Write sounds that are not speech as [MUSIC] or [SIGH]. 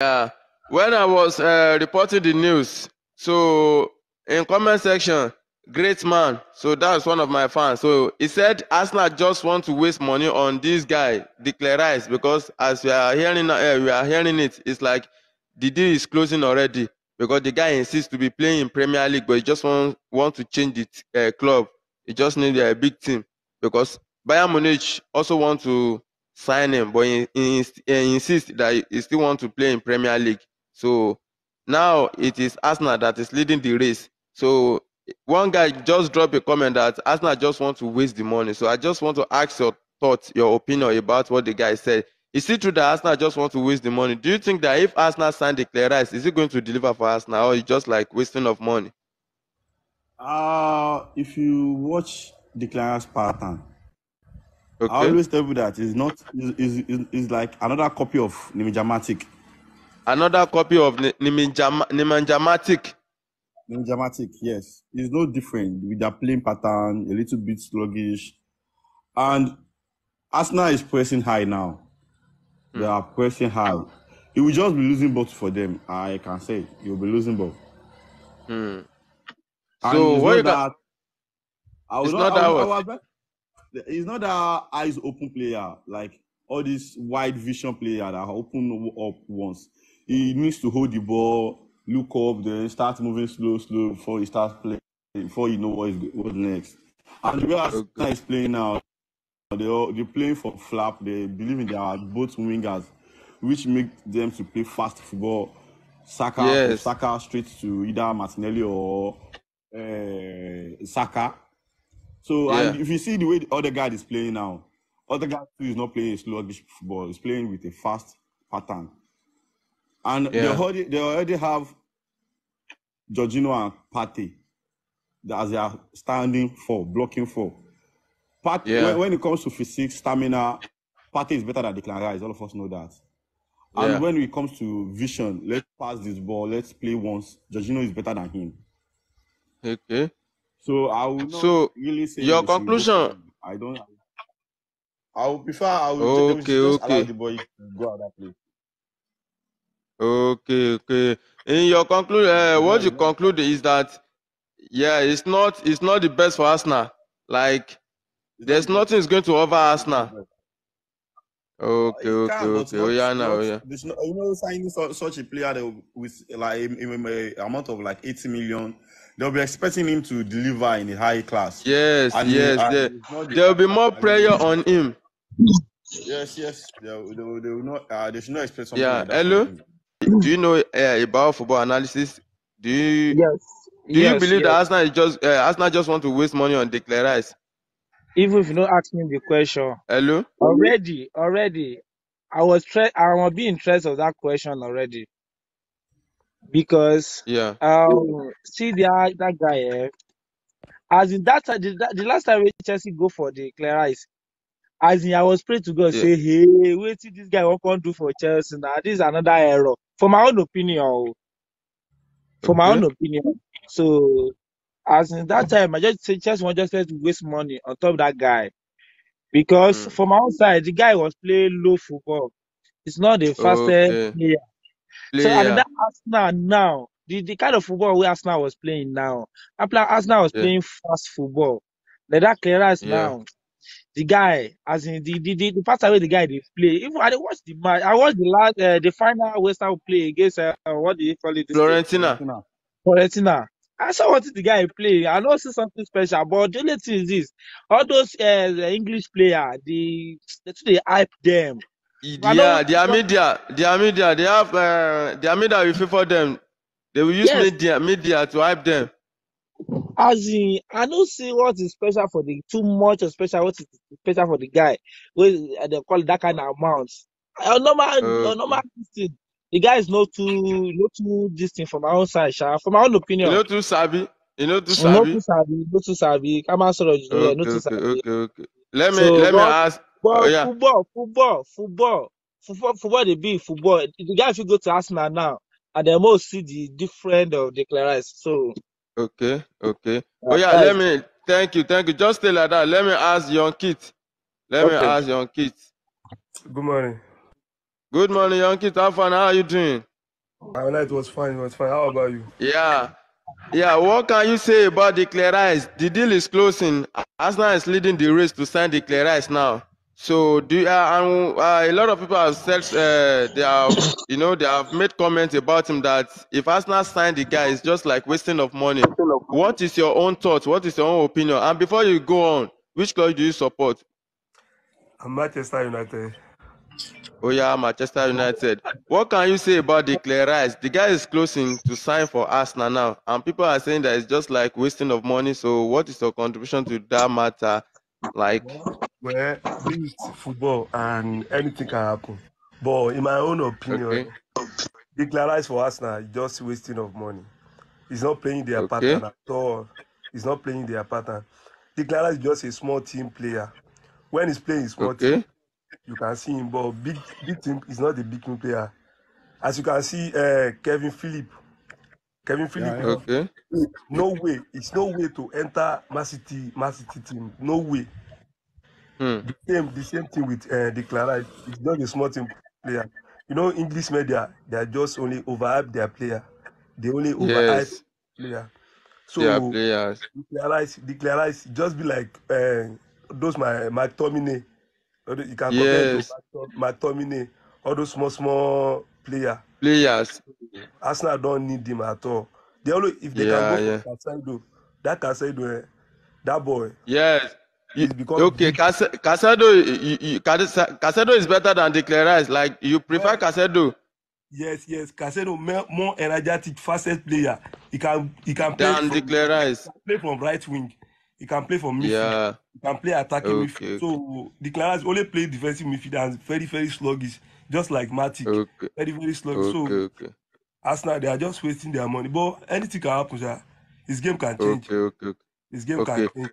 Yeah. When I was uh, reporting the news, so in comment section, great man. So that's one of my fans. So he said Arsenal just want to waste money on this guy, Declare because as we are hearing, uh, we are hearing it. It's like the deal is closing already because the guy insists to be playing in Premier League, but he just want want to change the uh, club. He just need a big team because Bayern Munich also want to sign him, but he, he, he insists that he still wants to play in Premier League. So now it is Arsenal that is leading the race. So one guy just dropped a comment that Arsenal just want to waste the money. So I just want to ask your thoughts, your opinion about what the guy said. Is it true that Arsenal just want to waste the money? Do you think that if Arsenal signed Declare Rice, is it going to deliver for Arsenal or is just like wasting of money? Uh, if you watch the Rice pattern, Okay. I always tell you that it's not is is like another copy of Nimijamatic. Another copy of Nimijam Nimijamatic. Nimijamatic, yes. It's no different with the playing pattern, a little bit sluggish. And Arsenal is pressing high now. Mm. They hmm. are pressing high. It will just be losing both for them. I can say you will be losing both. Mm. So what you that, got? I was it's not, not that I was, He's not a eyes open player like all these wide vision player that open up once. He needs to hold the ball, look up, then start moving slow, slow before he starts playing, before you know what is what's next. And the way Arsenal is playing now, they are, they're playing for flap. They believe in their both wingers, which make them to play fast football. Saka, yes. Saka straight to either Martinelli or uh, Saka. So yeah. and if you see the way the other guy is playing now, other guy too is not playing sluggish football. He's playing with a fast pattern, and yeah. they already they already have Jorginho and Partey as they are standing for blocking for. yeah. when, when, it comes to physique, stamina, Partey is better than Declan Rice. All of us know that. And yeah. when it comes to vision, let's pass this ball, let's play once. Jorginho is better than him. Okay. So I will not so really say your conclusion. I don't. I would prefer. I would okay, just okay. allow the boy to go at that place. Okay, okay. In your conclusion, uh, eh, what you conclude is that yeah, it's not it's not the best for us now. Like there's nothing is going to over Arsenal. Okay, okay, can, okay. Not, oh, yeah, now, oh, yeah. Not, you know, signing such a player with like a, a, a amount of like 80 million they'll be expecting him to deliver in a high class. Yes, and yes, he, there, the there'll be more prayer on him. Yes, yes, they, they, they will not. Uh, they should not expect something. Yeah, like hello. Do you know uh, about football analysis? Do you? Yes. Do yes, you believe yes. that Arsenal is just uh, Arsenal just want to waste money on Declan Even if you don't ask me the question. Hello. Already, already, I was tre- I was being interested of that question already because Yeah. um see that that guy eh, as in that time the, the last time Chelsea go for the clear eyes as in I was praying to God Yeah. say hey wait till this guy what can do for Chelsea now this is another error for my own opinion oh. for my own opinion so as in that time I just say Chelsea just trying to waste money on top of that guy because Mm. from outside the guy was playing low football. It's not the fastest Okay. player. So and that Arsenal now, the, the kind of football we Arsenal was playing now, play Arsenal was yeah. playing fast football, like that clearance yeah. now. The guy, as in the the the, the away the guy they play. Even I watched the match. I watched the last uh, the final West Ham play against uh, what do you call it? Florentina. Florentina. Florentina. I saw what the guy play. I know see something special, but the only thing is this: all those uh, English player, the they hype them. Yeah, their media, their media, they have uh, eh, their media will for them. They will use yes. media, media to hype them. As in, I don't see what is special for the too much or special what is special for the guy. Well, they eh, call that kind of amount. A eh, normal, uh, a normal thing. The guy is not too, not too distant from my own side, sha. From my own opinion. You know too savvy. You know too savvy. You know too savvy. Not too savvy. Come on, sorry, okay, okay, okay, okay. Let me, so, let me ask. But oh, yeah. football, football, football, football, football, they be football. The guy, if you go to Arsenal now, and they most see the different of the clearance. So, okay, okay. Oh, yeah, let me thank you, thank you. Just stay like that. Let me ask young kid. Let okay. me ask young kid. Good morning. Good morning, young kid. How fun? How are you doing? My night was fine. It was fine. How about you? Yeah. Yeah, what can you say about the Clarice? The deal is closing. Arsenal is leading the race to sign the Clarice now. So do uh, and, uh, a lot of people have said uh, they have [COUGHS] you know they have made comments about him that if Arsenal sign the guy, it's just like wasting of money. What is your own thoughts? What is your own opinion? And before you go on, which club do you support? Manchester United. Oh yeah, Manchester United. What can you say about the clear eyes? The guy is closing to sign for Arsenal now, and people are saying that it's just like wasting of money. So what is your contribution to that matter? Like well, this football and anything can happen. But in my own opinion, okay. declarize for Arsenal is just wasting of money. He's not playing their okay. pattern at all. He's not playing their pattern. Declarize is just a small team player. When he's playing small okay. team, you can see him. But big big team is not the big team player. As you can see, uh, Kevin Philip, Kevin Philip, Yeah, okay. No way. It's no way to enter Man City, Man City team. No way. Hmm. The same the same thing with uh, the Clara. It's just a small team player. You know, English media they are just only overhype their player. They only overhype yes. player. So yeah, players. Declarize, declarize, just be like uh, those my McTominay. You can yes. compare to McTominay, all those small small player. Players. Arsenal don't need them at all. They only if they yeah, can go yeah. for Casado, that Casado, eh, that boy. Yes. It's because okay, Cas- Casedo, you, is better than Declarize. Like you prefer yeah. Casedo. Yes, yes. Casado more energetic, fastest player. He can he can play than from, He can play from right wing. He can play from midfield. Yeah. He can play attacking okay, midfield. Okay. So Declarize only play defensive midfield and very very sluggish, just like Matic. Okay. Very very sluggish. Okay, so okay. Arsenal they are just wasting their money. But anything can happen, sir. His game can change. Okay, okay. okay. His game okay. can change.